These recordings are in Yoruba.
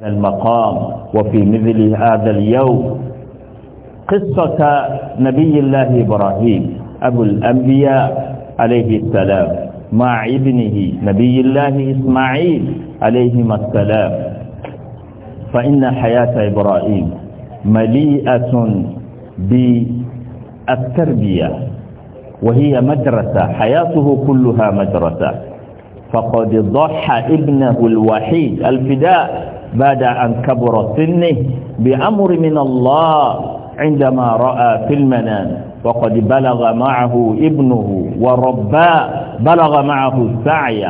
هذا المقام وفي مثل هذا اليوم قصة نبي الله إبراهيم أبو الأنبياء عليه السلام مع ابنه نبي الله إسماعيل عليهما السلام فإن حياة إبراهيم مليئة بالتربية وهي مدرسة حياته كلها مدرسة فقد ضحى ابنه الوحيد الفداء بعد أن كبر سنه بأمر من الله عندما رأى في المنام وقد بلغ معه ابنه ورباه بلغ معه السعي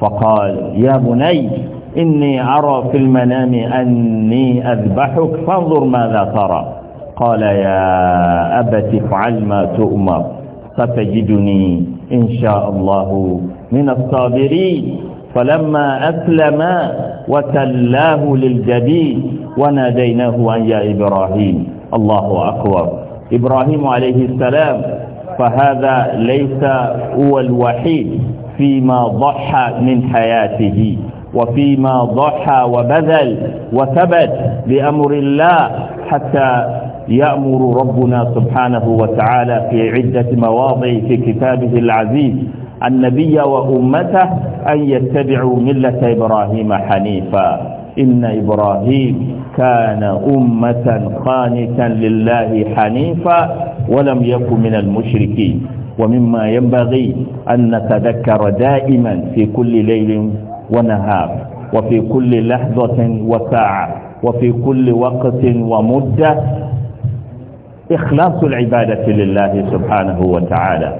فقال يا بني إني أرى في المنام أني أذبحك فانظر ماذا ترى قال يا أبت افعل ما تؤمر ستجدني إن شاء الله من الصابرين فلما أسلما وتلاه للجبين وناديناه أن يا إبراهيم الله أكبر إبراهيم عليه السلام فهذا ليس هو الوحيد فيما ضحى من حياته وفيما ضحى وبذل وثبت بأمر الله حتى يأمر ربنا سبحانه وتعالى في عدة مواضع في كتابه العزيز النبي وأمته أن يتبعوا ملة إبراهيم حنيفا إن إبراهيم كان أمة قانتا لله حنيفا ولم يكن من المشركين ومما ينبغي أن نتذكر دائما في كل ليل ونهار وفي كل لحظة وساعة وفي كل وقت ومدة إخلاص العبادة لله سبحانه وتعالى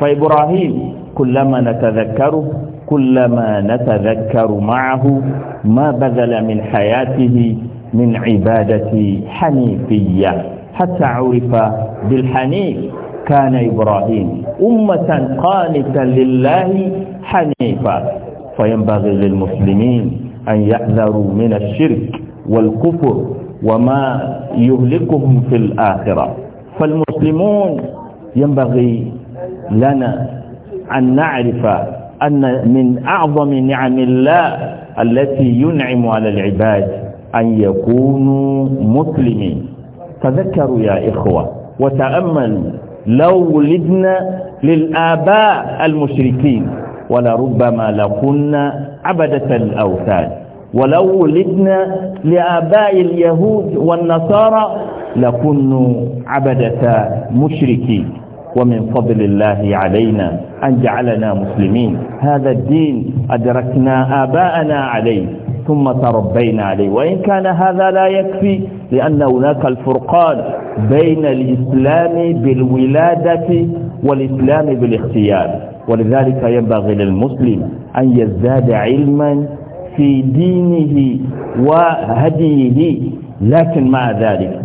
فإبراهيم كلما نتذكره كلما نتذكر معه ما بذل من حياته من عبادة حنيفية حتى عرف بالحنيف كان إبراهيم أمة قانتا لله حنيفا فينبغي للمسلمين أن يحذروا من الشرك والكفر وما يهلكهم في الآخرة فالمسلمون ينبغي لنا أن نعرف أن من أعظم نعم الله التي ينعم على العباد أن يكونوا مسلمين تذكروا يا إخوة وتأملوا لو ولدنا للآباء المشركين ولربما لكنا عبدة الأوثان ولو ولدنا لآباء اليهود والنصارى لكنوا عبدة مشركين ومن فضل الله علينا أن جعلنا مسلمين هذا الدين أدركنا آباءنا عليه ثم تربينا عليه وإن كان هذا لا يكفي لأن هناك الفرقان بين الإسلام بالولادة والإسلام بالاختيار ولذلك ينبغي للمسلم أن يزداد علما في دينه وهديه لكن مع ذلك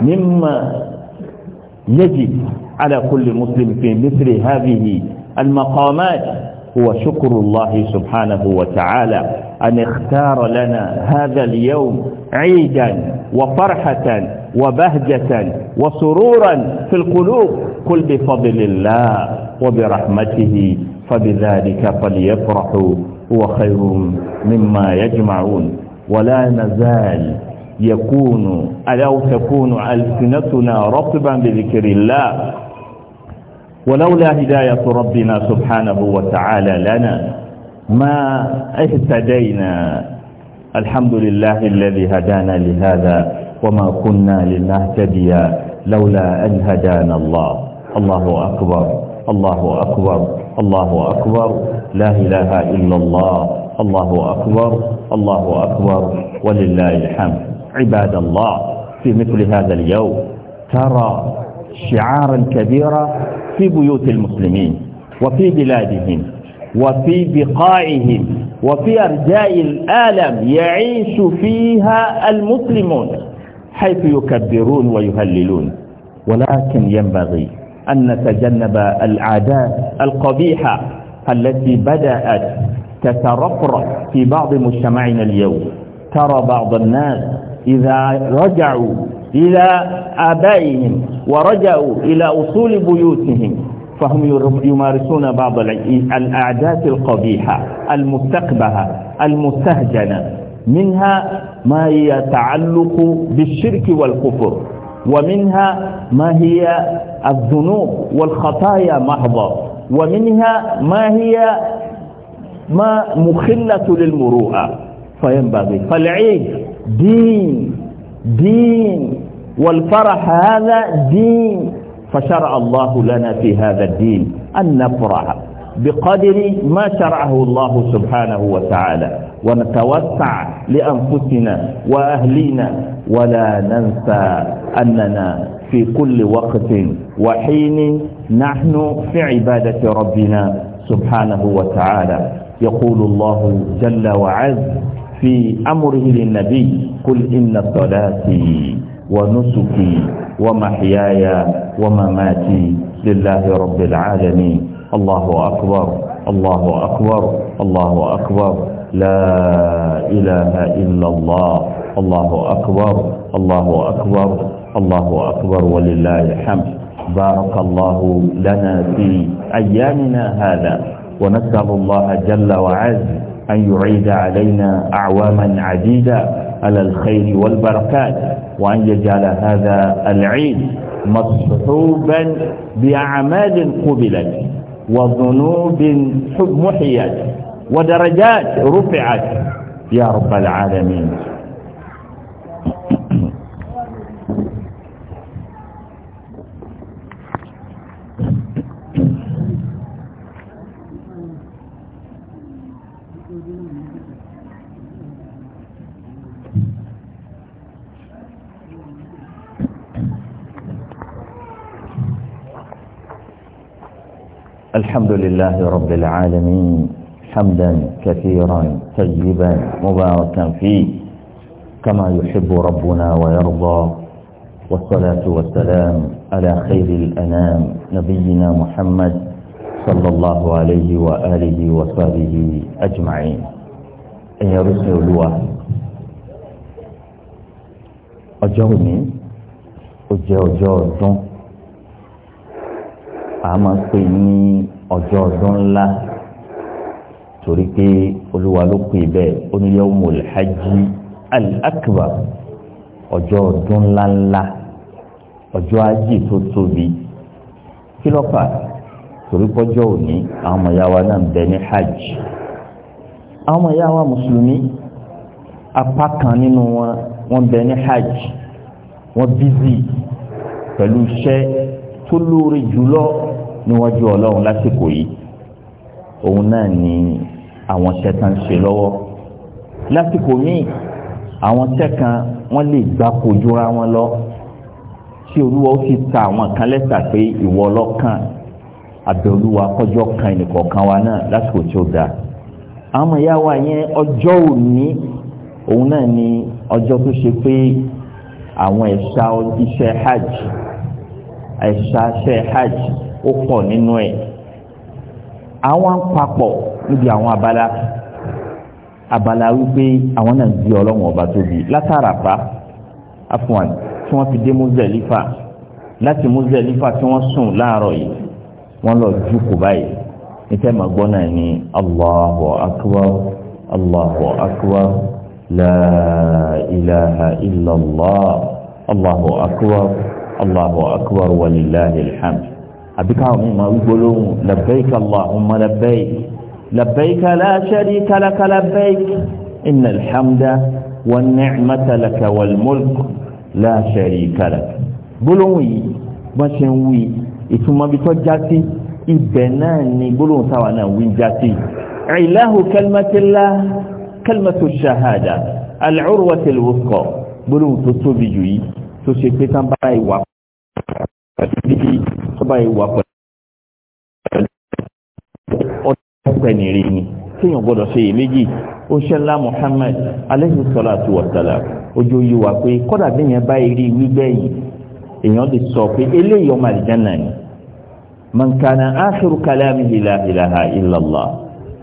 مما يجب على كل مسلم في مثل هذه المقامات هو شكر الله سبحانه وتعالى أن اختار لنا هذا اليوم عيدا وفرحة وبهجة وسرورا في القلوب قل بفضل الله وبرحمته فبذلك فليفرحوا هو خير مما يجمعون ولا نزال يكون ألا تكون ألسنتنا رطبا بذكر الله ولولا هداية ربنا سبحانه وتعالى لنا ما اهتدينا الحمد لله الذي هدانا لهذا وما كنا لنهتدي لولا أن هدانا الله الله أكبر الله أكبر الله أكبر لا إله إلا الله الله أكبر الله أكبر ولله الحمد عباد الله في مثل هذا اليوم ترى شعارا كبيرا في بيوت المسلمين وفي بلادهم وفي بقائهم وفي أرجاء الآلم يعيش فيها المسلمون حيث يكبرون ويهللون ولكن ينبغي أن نتجنب العادات القبيحة التي بدأت تترفرف في بعض مجتمعنا اليوم ترى بعض الناس إذا رجعوا إلى آبائهم ورجعوا إلى أصول بيوتهم فهم يمارسون بعض الأعداد القبيحة المستقبهة المستهجنة منها ما يتعلق بالشرك والكفر ومنها ما هي الذنوب والخطايا محضة ومنها ما هي ما مخلة للمروءة فينبغي فالعيد دين دين والفرح هذا دين فشرع الله لنا في هذا الدين أن نفرح بقدر ما شرعه الله سبحانه وتعالى ونتوسع لأنفسنا وأهلنا ولا ننسى أننا في كل وقت وحين نحن في عبادة ربنا سبحانه وتعالى يقول الله جل وعز في أمره للنبي قل إن صلاتي ونسكي ومحياي ومماتي لله رب العالمين الله أكبر الله أكبر الله أكبر لا إله إلا الله الله أكبر الله أكبر الله أكبر ولله الحمد بارك الله لنا في أيامنا هذا ونسأل الله جل وعز أن يعيد علينا أعواما عديدة على الخير والبركات وأن يجعل هذا العيد مصحوبا بأعمال قبلت وذنوب محيت ودرجات رفعت يا رب العالمين الحمد لله رب العالمين حمدا كثيرا طيبا مباركا فيه كما يحب ربنا ويرضى والصلاة والسلام على خير الأنام نبينا محمد صلى الله عليه وآله وصحبه أجمعين أن يرسل الوا أجوني أجو أجو أجون àmọ́ pé ní ọjọ́ ọdún ńlá torí pé olúwa ló pè bẹ́ẹ̀ ó ní yawmul hajji al-akbar ọjọ́ ọdún ńláńlá ọjọ́ ajé tó tóbi kí ló fà á torí pọ́jọ́ òní àwọn ọmọ ìyá wa náà ń bẹ ní hajj àwọn ọmọ ìyá wa mùsùlùmí apá kan nínú wọn wọ́n bẹ ní hajj wọ́n bízì pẹ̀lú iṣẹ́ tó lóore jùlọ níwájú ọlọ́run lásìkò yìí òun náà ni àwọn tẹ́tàn ń ṣe lọ́wọ́ lásìkò míì àwọn tẹ́kàn wọ́n lè gbá kojúra wọn lọ tí olúwa ó sì ta àwọn kan lẹ́sà pé ìwọ ọlọ́kàn abẹ́olúwa kọjọ́ kan ẹnìkọ̀ọ̀kan wa náà lásìkò tí ó dáa àmọ́ ìyá wa yẹn ọjọ́ òní òun náà ni ọjọ́ tó ṣe pé àwọn ẹ̀ṣà iṣẹ́ hajj ẹ̀ṣà iṣẹ́ hajj ó pọ̀ nínú ẹ̀ àwọn papọ̀ níbi àwọn abala abala wípé àwọn náà di ọlọ́run ọba tóbi látara pa afuwan tí wọ́n fi dé Muzdalifa láti Muzdalifa tí wọ́n sùn láàárọ̀ yìí wọ́n lọ jókòó báyìí níṣẹ́ máa gbọ́ náà ní Allahu akbar Allahu akbar la ilaha illallah Allahu akbar Allahu akbar walillahi alhamd àbíká àwọn ọmọ gbólóhùn labbaika Allahumma labbaik labbaika la sharika laka labbaik inna alhamda wa ni'mata laka wal mulk la sharika lak gbólóhùn yìí bọ́n ṣe ń wí ìtumọ̀ bí tọ́ já sí ibẹ̀ náà ni gbólóhùn táwa náà wí já sí ìlàhù kẹlmẹtìlá kẹlmẹtò ṣahada alẹ́rùwọ̀tẹ̀lẹ̀ wọ́kọ̀ gbólóhùn tó tóbi jù yìí tó ṣe pé tán bá ìwà pẹ̀lú tó bá ìwà pẹ̀lú ọ̀pẹ̀ni rí ni téèyàn gbọ́dọ̀ ṣe èméjì ó ṣẹlá Muhammad alayhi salatu wa èèyàn ti sọ pé eléyìí ọmọ àlìjáná ni mankana akhiru kalamihi la ilaha illallah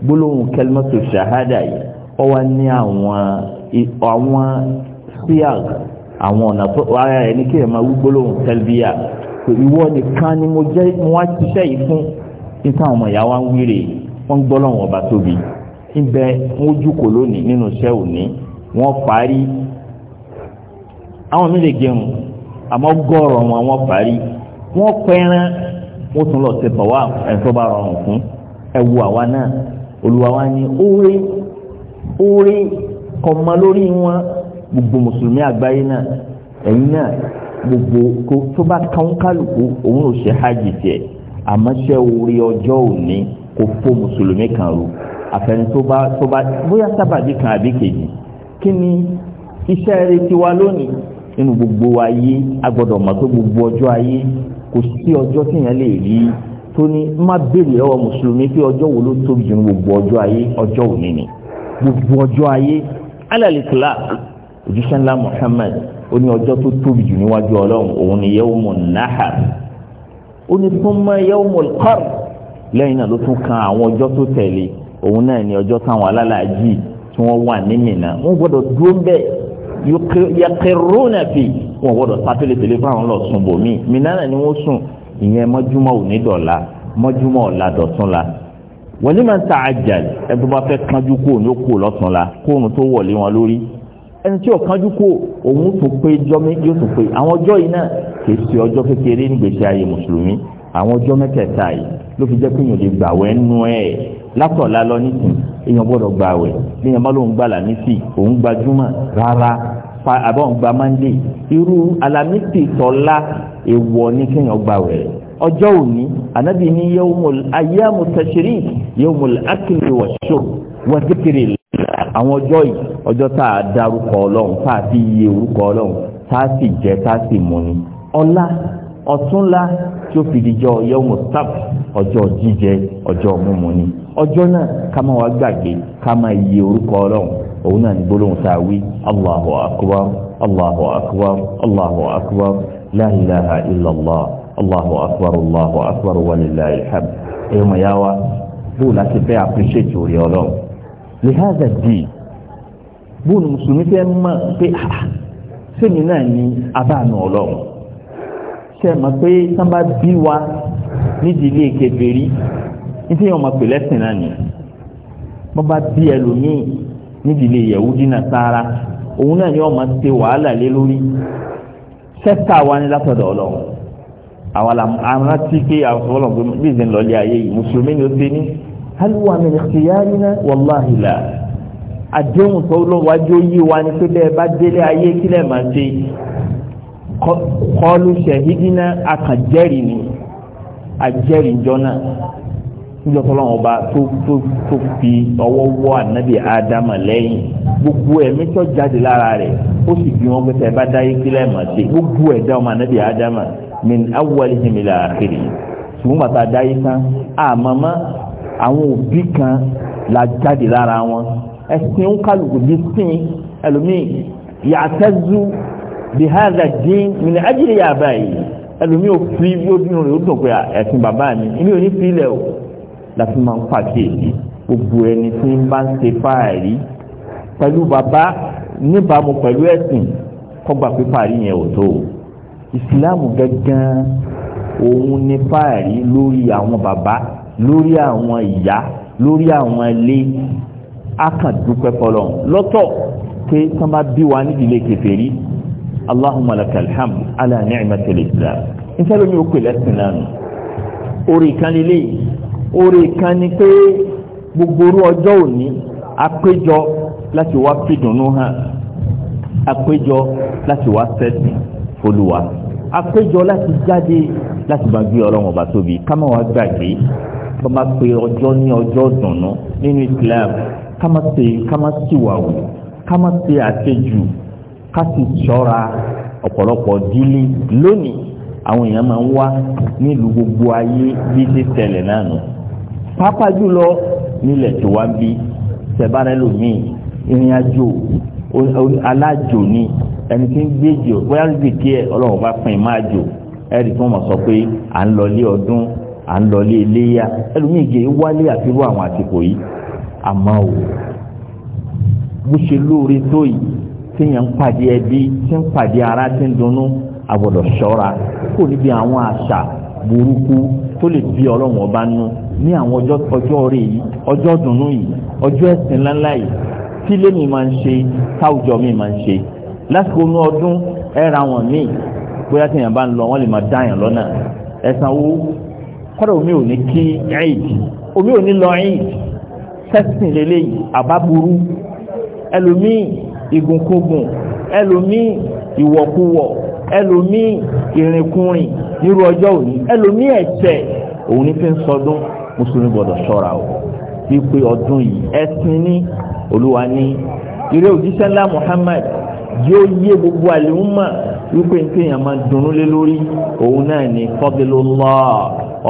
gbólóhùn kalimatu shahada yìí ó wá ní àwọn àwọn síag àwọn ọ̀nà tó ara rẹ̀ ní kéèyàn máa wí gbólóhùn tẹ́lbíyà pé ìwọ nìkan ni mo jẹ́ mo wá ṣiṣẹ́ yìí fún níta àwọn ìyá wa ń wíre wọ́n ọba tóbi ibẹ̀ wọ́n jókòó lónìí nínú iṣẹ́ òní wọ́n parí àwọn mi lè gẹrun àmọ́ gọ́ọ̀rọ̀ wọn àwọn parí wọ́n pẹ́ran wọ́n tún lọ ṣe bọ̀wá ẹ̀fọ́ bá rọrùn fún ẹ̀wù àwa náà olùwà wa ni oore oore kọ̀ọ̀mọ́ lórí wọn gbogbo mùsùlùmí àgbáyé náà ẹ̀yin náà gbogbo kó tó bá kàn kálukú òun ò ṣe hajj tiẹ̀ àmọ́ ṣe orí ọjọ́ òní kò fó mùsùlùmí kan ru àfẹni tó bá tó bá bóyá sábàbí kan àbí kejì kí ni iṣẹ́ rẹ̀ ti lónìí nínú gbogbo ayé a gbọ́dọ̀ mọ̀ pé gbogbo ọjọ́ ayé kò sí ọjọ́ tíyẹn lè rí tó ní má béèrè lọ́wọ́ mùsùlùmí pé ọjọ́ wo ló tóbi jù ní gbogbo ọjọ́ ayé ọjọ́ òní ni gbogbo ọjọ́ ayé alalikula òjíṣẹ́ ńlá Muhammad ó ní ọjọ́ tó tóbi jù níwájú ọlọ́run òun ni yawmun nahar ó ní thumma yawmul qarn lẹ́yìn náà ló tún kan àwọn ọjọ́ tó tẹ̀lé òun náà ni ọjọ́ táwọn alálàájì tí wọ́n wà ní Mínà wọ́n dúró bẹ́ẹ̀ yẹkẹrúnà fi wọn gbọ́dọ̀ sátẹlẹ tẹlẹ fún àwọn lọ sùn bò mí mìnàrà ni wọn sùn ìyẹn mọjúmọ òní dọ̀la mọjúmọ ọ̀la dọ̀tún la wọn ní ma ta àjà ẹbí wọn fẹ́ kánjú kó ní ó kó lọtún la kóòrùn tó wọlé wọn lórí ẹni tí ó kánjú kó òun tún pé jọmí yóò tún pé àwọn ọjọ́ yìí náà kèsì ọjọ́ kékeré nígbèsè ayé mùsùlùmí àwọn ọjọ́ mẹ́tẹ̀ẹ̀ta yìí ló fi jẹ́ pé èèyàn lè gbàwẹ̀ nú ẹ̀ látọ̀lá lọ nísìn èèyàn gbọ́dọ̀ gbàwẹ̀ bí èèyàn bá lóun gbà làmísì òun gba júmọ̀ rárá àbọ̀ ń gba mánde irú alámísì tọ́lá èèwọ̀ ní kéèyàn gbàwẹ̀ ọjọ́ òní ànábì ní yawmul ayyamu tashrik yawmul akli wash-shurb wa dhikrillah àwọn ọjọ́ yìí ọjọ́ tá a dárúkọ ọlọ́run tá a ti yẹ orúkọ ọlọ́run tá a sì jẹ tá a sì mú ni ọlá ọ̀túnla tí ó fi dijọ́ yọ̀mù tap ọjọ́ jíjẹ ọjọ́ mímu ni ọjọ́ náà ká máa wá gbàgbé ká máa yí orúkọ ọlọ́run òun náà ní gbólóhùn tá a wí allahu akbar allahu akbar allahu akbar la ilaha allahu akbar allahu akbar walilayi alhamd ẹ̀yọ́ mọ̀ yá wa bóòlù láti fẹ́ appreciate orí ọlọ́run lihada di bóòlù mùsùlùmí fẹ́ mọ̀ pé sẹ́mi ah, ah, náà ní abáàánú ọlọ́run tẹ́ mọ̀ pé tán bá bí wa nídìí ilé kèfèrí nítorí wọn mọ̀ pé lẹ́sìn náà nìyẹn wọ́n bá bí ẹlòmíì nídìí ilé Yẹhudi Nasara òun náà yóò máa ṣe wàhálà lé lórí sẹ́ta wa ní látọ̀dọ̀ ọlọ́run àwọn arántí pé àfọwọ́lọ̀ pé bí ìsìn lọ́lẹ́ ayé yìí mùsùlùmí ni ó ṣe ní halwa min ikhtiyarina wallahi la àdéhùn tó lọ́wọ́ wájú yí wa ni pé bẹ́ẹ̀ bá délé ayé kílẹ̀ máa ṣe kọlu ṣẹ̀hídínà akàjẹ́rì ni ajẹ́rì jọ́nà níjọ́tọ́lọ́ ọba tó tó tó fi ọwọ́ wọ́ ànábì ádámà lẹ́yìn gbogbo ẹ̀mí tó jáde lára rẹ̀ ó sì fi wọn pẹ́sẹ́ bá dáyé sílẹ̀ mà sí gbogbo ẹ̀dá ọmọ ànábì ádámà min awwalihim ila akhiri ṣùgbọ́n bàtà dáyé tán àmọ́mọ́ àwọn òbí kan la jáde lára wọn ẹ̀sìn kálukú bí sìn ẹlòmíì yàtẹ́zu bí hàdà dín mìnà ya yà báyìí ẹlòmí ò fi yóò bínú rẹ̀ ó dùn pé ẹ̀sìn bàbá mi èmi ò ní fi ilẹ̀ o láti máa ń pàkíyèsí gbogbo ẹni tí ń bá ń ṣe fáàrí pẹ̀lú bàbá níbàámu pẹ̀lú ẹ̀sìn kọ́gbà pé fáàrí yẹn ò tó ìsìláàmù gángan òun ní fáàrí lórí àwọn bàbá lórí àwọn ìyá lórí àwọn ilé akàndúpẹ́ fọlọ́n lọ́tọ̀ pé sọ́n bí wa nídìílé kèfèrí allahumma lakal hamd ala ni'matil islam níta lómi ó pè lẹ́sìn náà nù orí kan lílé orí kan ni pé gbogbo orú ọjọ́ òní àpéjọ láti wá fìdùnnú hàn àpéjọ láti wá sẹ́sìn olúwa àpéjọ láti jáde láti máa gbé ọlọ́run ọba tóbi ká má wá pe ọjọ́ ní ọjọ́ dùnú nínú islam ká má ṣe ká má ṣìwàwù ká ká sì ṣọ́ra ọ̀pọ̀lọpọ̀ dílé lónìí àwọn èèyàn máa ń wá nílùú gbogbo ayé bí ṣe tẹ̀lé náà nù pápá jùlọ nílẹ̀ tó wá bí sẹ̀bárẹ́ lòmíì ìrìn alájò ni ẹni tí ń gbé jò bóyá ló dìde ẹ ọlọ́run bá pín in máa jò ẹ̀rí tí wọ́n mọ̀ sọ pé à ń lọlé ọdún à ń lọlé iléyà ẹlòmíì gè wálé àfihàn àwọn àsìkò yìí àmọ́ ò bó ṣe lóore tó yìí tí yẹn ń pàdé ẹbí tí ń pàdé ara tí ń dunnú àbọ̀dọ̀ ṣọ́ra kò níbi àwọn àṣà burúkú tó lè bí ọlọ́run ọba nú ní àwọn ọjọ́ rẹ̀ yìí ọjọ́ dunnú yìí ọjọ́ ẹ̀sìn ńláńlá yìí tí ilé mi máa ń ṣe táwùjọ mi máa ń ṣe lásìkò inú ọdún ẹ̀ra wọn míì bóyá tí yẹn bá ń lọ wọ́n lè máa dáyàn lọ́nà ẹ̀sánwó kọ́dọ̀ omi ò ní kí eid omi ò ní lọ eid sẹ́sìn lélẹ́yìí àbá burú ẹlòmíì ìgùnkúgùn ẹlòmíì ìwọ̀kuwọ̀ ẹlòmíì ìrìnkúrìn nírú ọjọ́ òní ẹlòmíì ẹ̀tẹ̀ òun ní fi ń sọdún mùsùlùmí gbọ́dọ̀ ṣọ́ra o wípé ọdún yìí ẹ̀sìn ní olúwa ní eré òjíṣẹ́ ńlá Muhammad yóò yé gbogbo àlùmọ́ wípé ní kéèyàn máa dunnú lé lórí òun náà ní fadlullah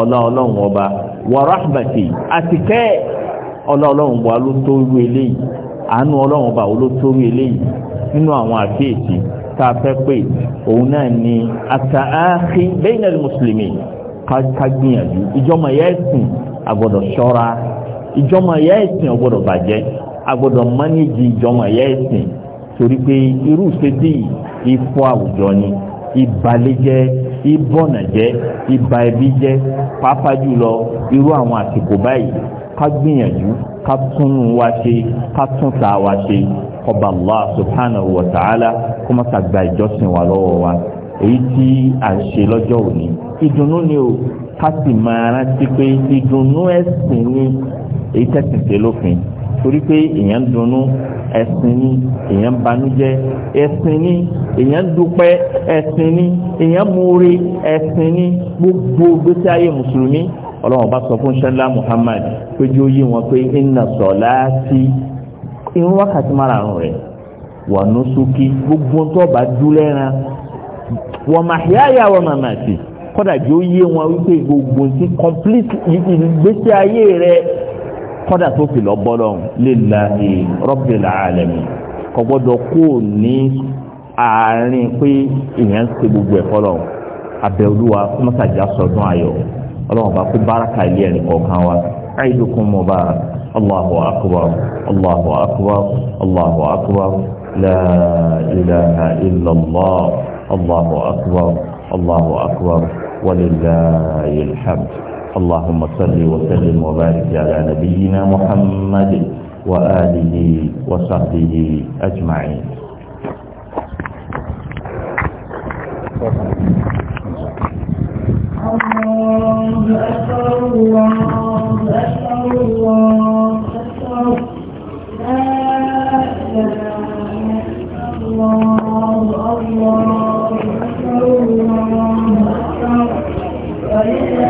ọlá ọlọ́run ọba wa rahmati àtikẹ́ ọlá ọlọ́run bọ̀ alótó irú eléyìí àánú ọlọ́run bá olótórí eléyìí nínú àwọn àkíyèsí tá a fẹ́ pé òun náà ni àtàáhí bẹ́ẹ̀nẹ̀lì mùsùlùmí ká gbìyànjú ìjọmọ̀ ẹ̀yà ẹ̀sìn àgbọ̀dọ̀ ṣọ́ra ìjọmọ̀ ẹ̀yà ẹ̀sìn ọ̀gbọ̀dọ̀ bàjẹ́ àgbọ̀dọ̀ mánéjì ìjọmọ̀ ẹ̀yà ẹ̀sìn torí pé irú ìfẹ́tì ìfọ́ àwùjọ ni ìbàlẹ́jẹ́ ìbọ̀nàjẹ́ ìbà ẹbí jẹ́ pàápàá jùlọ irú àwọn àsìkò báyìí ká ká tún wa ṣe ká tún ta wa ṣe kọba allah subhanahu wa ta'ala kó má sàgbà ìjọsìn wa lọ́wọ́ wa èyí tí à ń ṣe lọ́jọ́ òní ìdùnnú ni o ká sì máa rántí pé ìdùnnú ẹ̀sìn ni èyí tẹ̀sìn ṣe lófin torí pé èèyàn dunnú ẹ̀sìn ni èèyàn ń banújẹ́ ni èèyàn ń dúpẹ́ ni èèyàn múre ẹ̀sìn ni gbogbo gbèsè ayé mùsùlùmí ọlọ́run bá sọ fún ṣẹ́lá Muhammad pé jí ó yí wọn pé inna salati irun wákàtí márùn-ún rẹ̀ wa nusuki gbogbo tó bá dúlẹ̀ ran wa mahyaya wa mamati kọ́dà jí ó yé wọn wípé gbogbo ti complete ìgbésí ayé rẹ̀ kọ́dà tó fi lọ bọ́ lọ́hùn lillahi rabbil alamin kò gbọ́dọ̀ kó ní àárín pé èèyàn ń ṣe gbogbo ẹ̀kọ́ lọ́hùn abẹ́olúwa kọ́mọ́sàjà sọ̀dún ayọ̀ ọlọ́run bá kó báraka ilé ẹ̀rìn kọ̀ọ̀kan wa aidukum mubarak allahu akbar allahu akbar allahu akbar la ilaha illallah allahu akbar allahu akbar walillahil hamd اللهم صل وسلم وبارك على نبينا محمد وآله وصحبه أجمعين Thank you. أكبر الله